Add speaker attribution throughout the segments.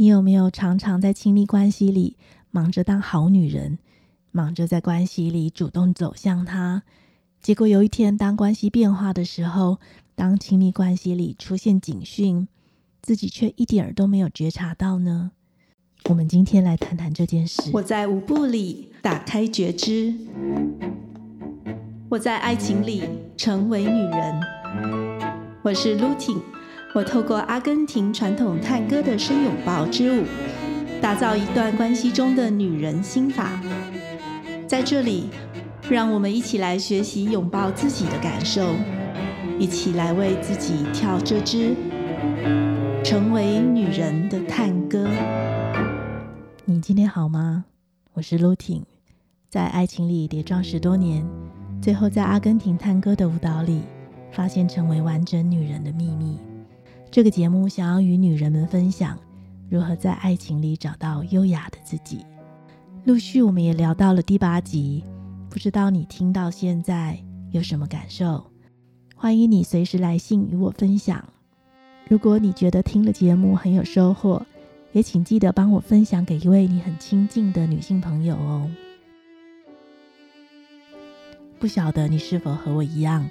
Speaker 1: 你有沒有常常在親密關係裡忙着當好女人，忙着在關係裡主動走向他？結果有一天當關係變化的時候，當親密關係裡出現警訊，自己卻一點兒都沒有覺察到呢？我們今天來談談這件事。我在舞步裡打開覺知，我在愛情裡成為女人。我是 Lutin。我透過阿根廷傳統探戈的“深擁抱之舞”，打造一段關係中的女人心法。在這裡，讓我們一起來學習擁抱自己的感受，一起來為自己跳這支成為女人的探戈。你今天好嗎？我是露婷，在愛情裡跌撞十多年，最後在阿根廷探戈的舞蹈裡，發現成為完整女人的秘密。這個節目想要與女人們分享，如何在愛情裡找到優雅的自己。陸續我們也聊到了第八集，不知道你聽到現在有什麼感受？歡迎你隨時來信與我分享。如果你覺得聽了節目很有收穫，也請記得幫我分享給一位你很親近的女性朋友哦。不曉得你是否和我一樣？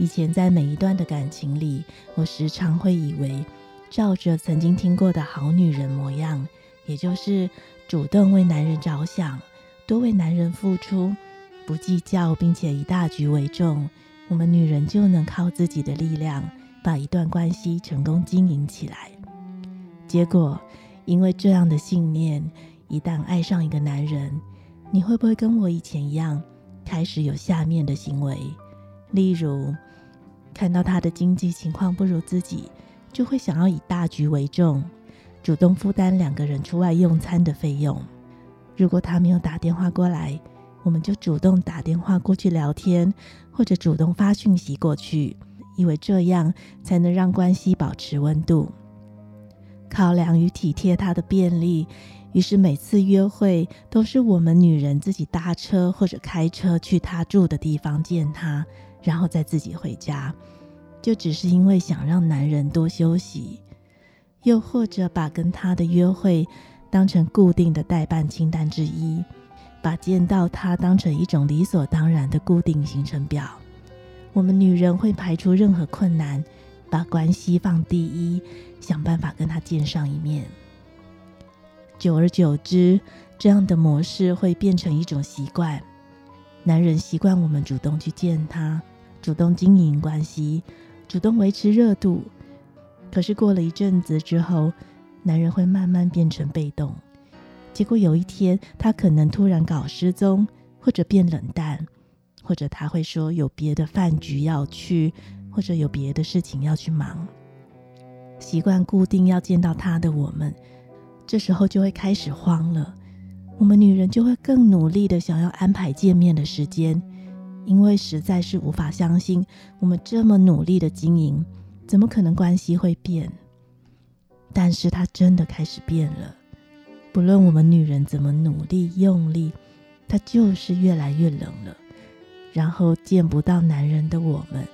Speaker 1: 以前在每一段的感情裡，我時常會以為，照着曾經聽過的好女人模樣，也就是主動為男人着想，多為男人付出，不計較，並且以大局為重，我們女人就能靠自己的力量把一段關係成功經營起來。結果，因為這樣的信念，一旦愛上一個男人，你會不會跟我以前一樣，開始有下面的行為？例如，看到他的經濟情況不如自己，就會想要以大局為重，主動負擔兩個人出外用餐的費用。如果他沒有打電話過來，我們就主動打電話過去聊天，或者主動發訊息過去，以為這樣才能讓關係保持溫度。考量與體貼他的便利，於是每次約會都是我們女人自己搭車或者開車去他住的地方見他。然後再自己回家，就只是因為想讓男人多休息，又或者把跟他的約會當成固定的待辦清單之一，把見到他當成一種理所當然的固定行程表。我們女人會排除任何困難，把關係放第一，想辦法跟他見上一面。久而久之，這樣的模式會變成一種習慣，男人習慣我們主動去見他。主動經營關係，主動維持熱度。可是過了一陣子之後，男人會慢慢變成被動。結果有一天，他可能突然搞失蹤，或者變冷淡，或者他會說有別的飯局要去，或者有別的事情要去忙。習慣固定要見到他的我們，這時候就會開始慌了。我們女人就會更努力的想要安排見面的時間。因為實在是無法相信，我們這麼努力的經營，怎麼可能關係會變？但是他真的開始變了。不論我們女人怎麼努力用力，他就是越來越冷了。然後見不到男人的我們，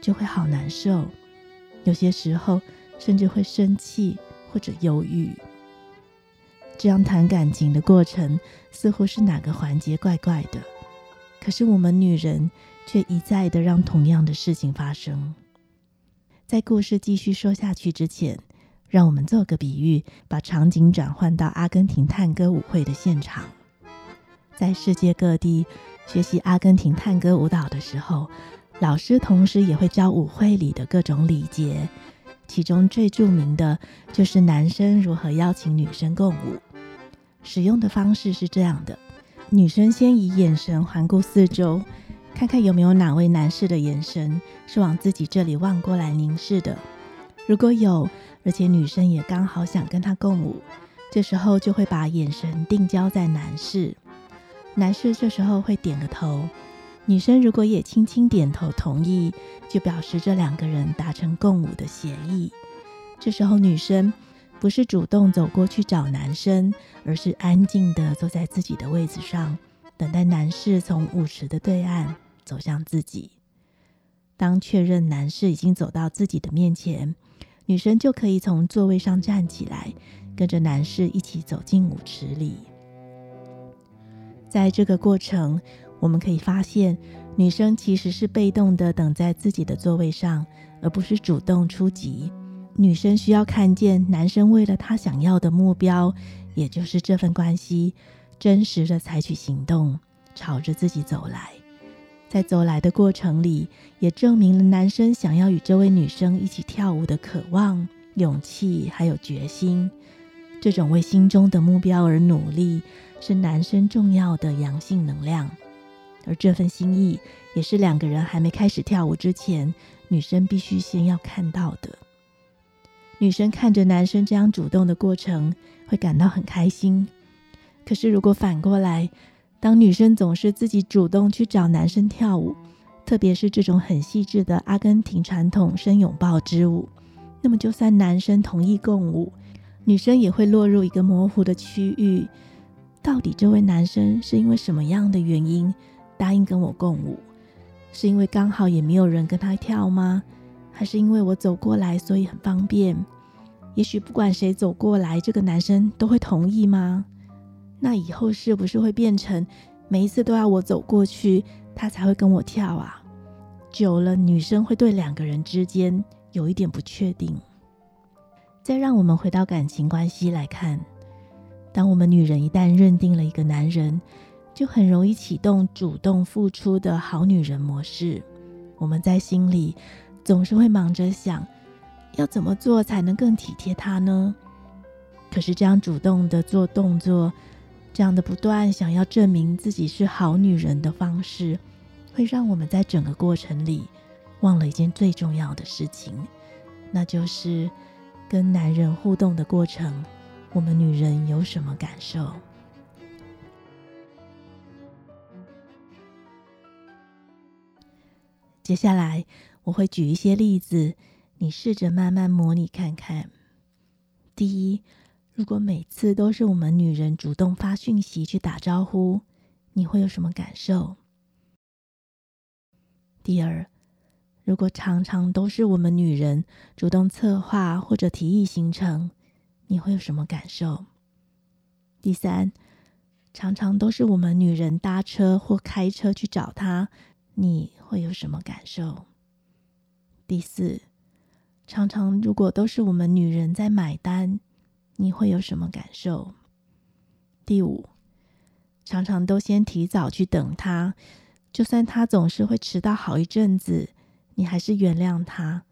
Speaker 1: 就會好難受。有些時候甚至會生氣或者憂鬱。這樣談感情的過程，似乎是哪個環節怪怪的。可是我們女人卻一再地讓同樣的事情發生。在故事繼續說下去之前，讓我們做個比喻，把場景轉換到阿根廷探戈舞會的現場。在世界各地學習阿根廷探戈舞蹈的時候，老師同時也會教舞會裡的各種禮節，其中最著名的就是男生如何邀請女生共舞。使用的方式是這樣的。女生先以眼神環顧四周，看看有沒有哪位男士的眼神是往自己這裡望過來凝視的。如果有，而且女生也剛好想跟他共舞，這時候就會把眼神定焦在男士。男士這時候會點個頭，女生如果也輕輕點頭同意，就表示這兩個人達成共舞的協議。這時候女生，不是主動走過去找男生，而是安靜的坐在自己的位置上，等待男士從舞池的對岸走向自己。當確認男士已經走到自己的面前，女生就可以從座位上站起來，跟着男士一起走進舞池裡。在這個過程，我們可以發現，女生其實是被動的等在自己的座位上，而不是主動出擊。女生需要看見男生為了她想要的目標，也就是這份關係，真實的採取行動，朝着自己走來。在走來的過程裡，也證明了男生想要與這位女生一起跳舞的渴望、勇氣還有決心。這種為心中的目標而努力，是男生重要的陽性能量。而這份心意，也是兩個人還沒開始跳舞之前，女生必須先要看到的。女生看着男生這樣主動的過程，會感到很開心。可是如果反過來，當女生總是自己主動去找男生跳舞，特別是這種很細緻的阿根廷傳統深擁抱之舞，那麼就算男生同意共舞，女生也會落入一個模糊的區域。到底這位男生是因為什麼樣的原因答應跟我共舞？是因為剛好也沒有人跟他跳嗎？那是因為我走過來，所以很方便。也許不管誰走過來，這個男生都會同意嗎？那以後是不是會變成每一次都要我走過去，他才會跟我跳啊？久了，女生會對兩個人之間有一點不確定。再讓我們回到感情關係來看，當我們女人一旦認定了一個男人，就很容易啟動主動付出的好女人模式。我們在心裡，總是會忙着想，要怎麼做才能更體貼他呢？可是這樣主動的做動作，這樣的不斷想要證明自己是好女人的方式，會讓我們在整個過程裡忘了一件最重要的事情，那就是跟男人互動的過程，我們女人有什麼感受？接下來我會舉一些例子，你試着慢慢模擬看看。第一，如果每次都是我們女人主動發訊息去打招呼，你會有什麼感受？第二，如果常常都是我們女人主動策劃或者提議行程，你會有什麼感受？第三，常常都是我們女人搭車或開車去找他。你會有什麼感受？第四，常常如果都是我們女人在買單，你會有什麼感受？第五，常常都先提早去等他，就算他總是會遲到好一陣子，你還是原諒他。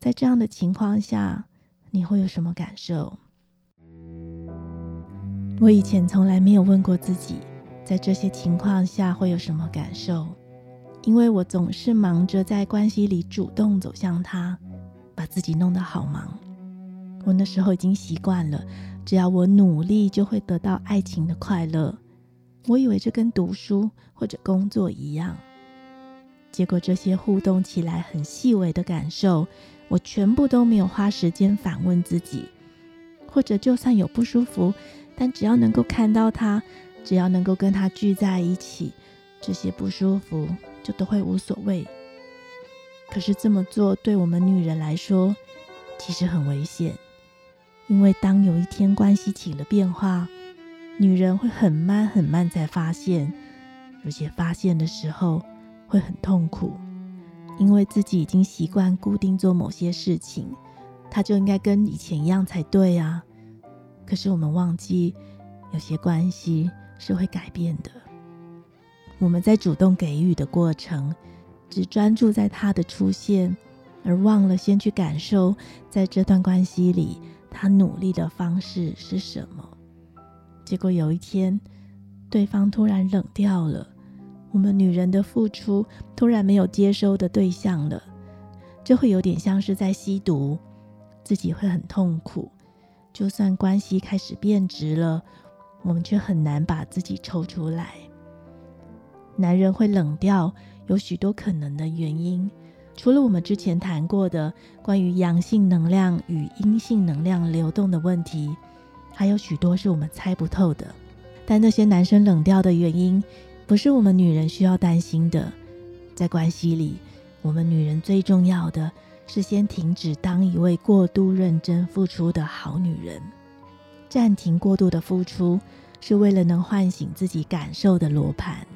Speaker 1: 在這樣的情況下，你會有什麼感受？我以前從來沒有問過自己，在這些情況下會有什麼感受。因為我總是忙着在關係裡主動走向他，把自己弄得好忙。我那時候已經習慣了，只要我努力就會得到愛情的快樂。我以為這跟讀書或者工作一樣，結果這些互動起來很細微的感受，我全部都沒有花時間反問自己，或者就算有不舒服，但只要能夠看到他，只要能夠跟他聚在一起，這些不舒服，都會無所謂。可是這麼做對我們女人來說，其實很危險，因為當有一天關係起了變化，女人會很慢、很慢才發現，而且發現的時候會很痛苦，因為自己已經習慣固定做某些事情，他就應該跟以前一樣才對啊。可是我們忘記，有些關係是會改變的。我們在主動給予的過程，只專注在他的出現，而忘了先去感受，在這段關係裡，他努力的方式是什麼。結果有一天，對方突然冷掉了，我們女人的付出突然沒有接收的對象了，就會有點像是在吸毒，自己會很痛苦。就算關係開始變質了，我們卻很難把自己抽出來。男人會冷掉，有許多可能的原因。除了我們之前談過的關於陽性能量與陰性能量流動的問題，還有許多是我們猜不透的。但那些男生冷掉的原因，不是我們女人需要擔心的。在關係裡，我們女人最重要的是先停止當一位過度認真付出的好女人。暫停過度的付出，是為了能喚醒自己感受的羅盤。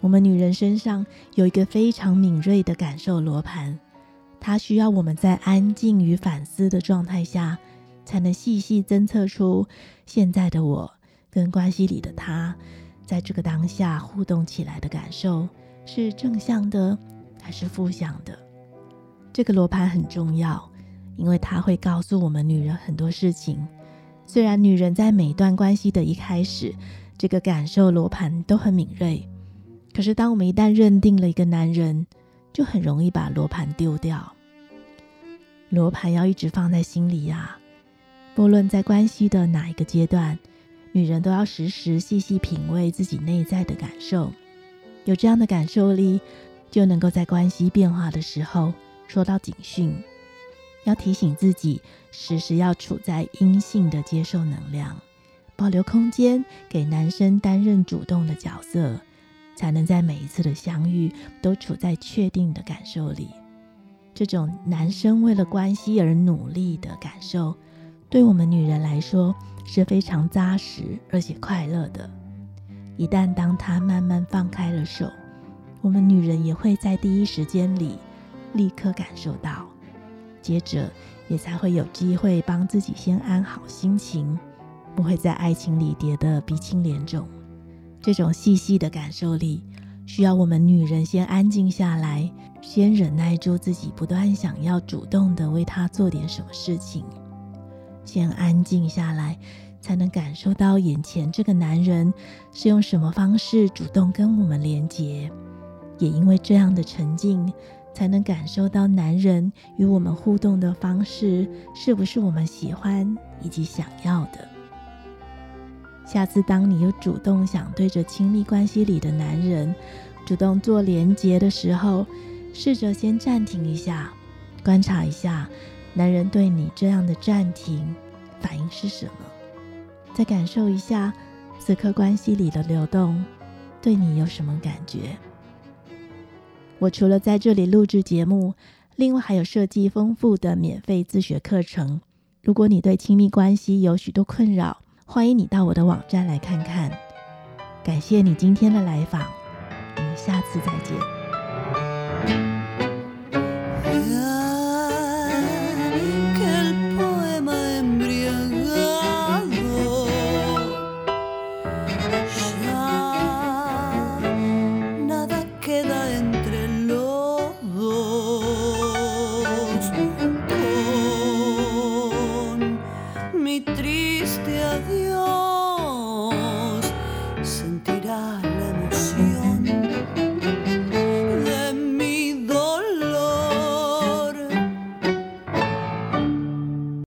Speaker 1: 我們女人身上有一個非常敏銳的感受羅盤，它需要我們在安靜與反思的狀態下，才能細細偵測出現在的我跟關係裡的他，在這個當下互動起來的感受是正向的還是負向的。這個羅盤很重要，因為它會告訴我們女人很多事情。雖然女人在每段關係的一開始，這個感受羅盤都很敏銳。可是，當我們一旦認定了一個男人，就很容易把羅盤丟掉。羅盤要一直放在心裡呀、啊，不論在關係的哪一個階段，女人都要時時細細品味自己內在的感受。有這樣的感受力，就能夠在關係變化的時候收到警訊，要提醒自己，時時要處在陰性的接受能量，保留空間給男生擔任主動的角色。才能在每一次的相遇都處在確定的感受裡。這種男生為了關係而努力的感受，對我們女人來說是非常紮實而且快樂的。一旦當他慢慢放開了手，我們女人也會在第一時間裡立刻感受到，接着也才會有機會幫自己先安好心情，不會在愛情裡跌得鼻青臉腫。這種細細的感受力，需要我們女人先安靜下來，先忍耐住自己不斷想要主動的為他做點什麼事情，先安靜下來，才能感受到眼前這個男人是用什麼方式主動跟我們連接。也因為這樣的沉靜，才能感受到男人與我們互動的方式是不是我們喜歡以及想要的。下次當你又主動想對着親密關係裡的男人主動做連接的時候，試着先暫停一下，觀察一下男人對你這樣的暫停反應是什麼？再感受一下此刻關係裡的流動對你有什麼感覺？我除了在這裡錄製節目，另外還有設計豐富的免費自學課程。如果你對親密關係有許多困擾，歡迎你到我的網站來看看，感謝你今天的來訪，我們下次再見。